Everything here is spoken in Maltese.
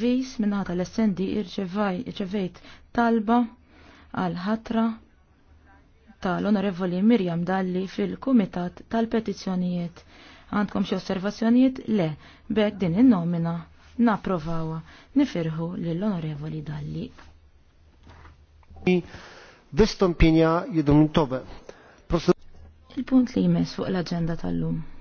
vis minnaħta l-essendi irċevejt talba għal ħatra tal-Onorevoli Mirjam Dalli fil-Kumitat tal-Petizzjonijiet. Għandkom xi osservazzjonijiet? Le, bekk din in-nomina naprovawa. Nifirħu lill-Onorevoli Dalli. Il-punt li jmess fuq l-agenda tal-lum.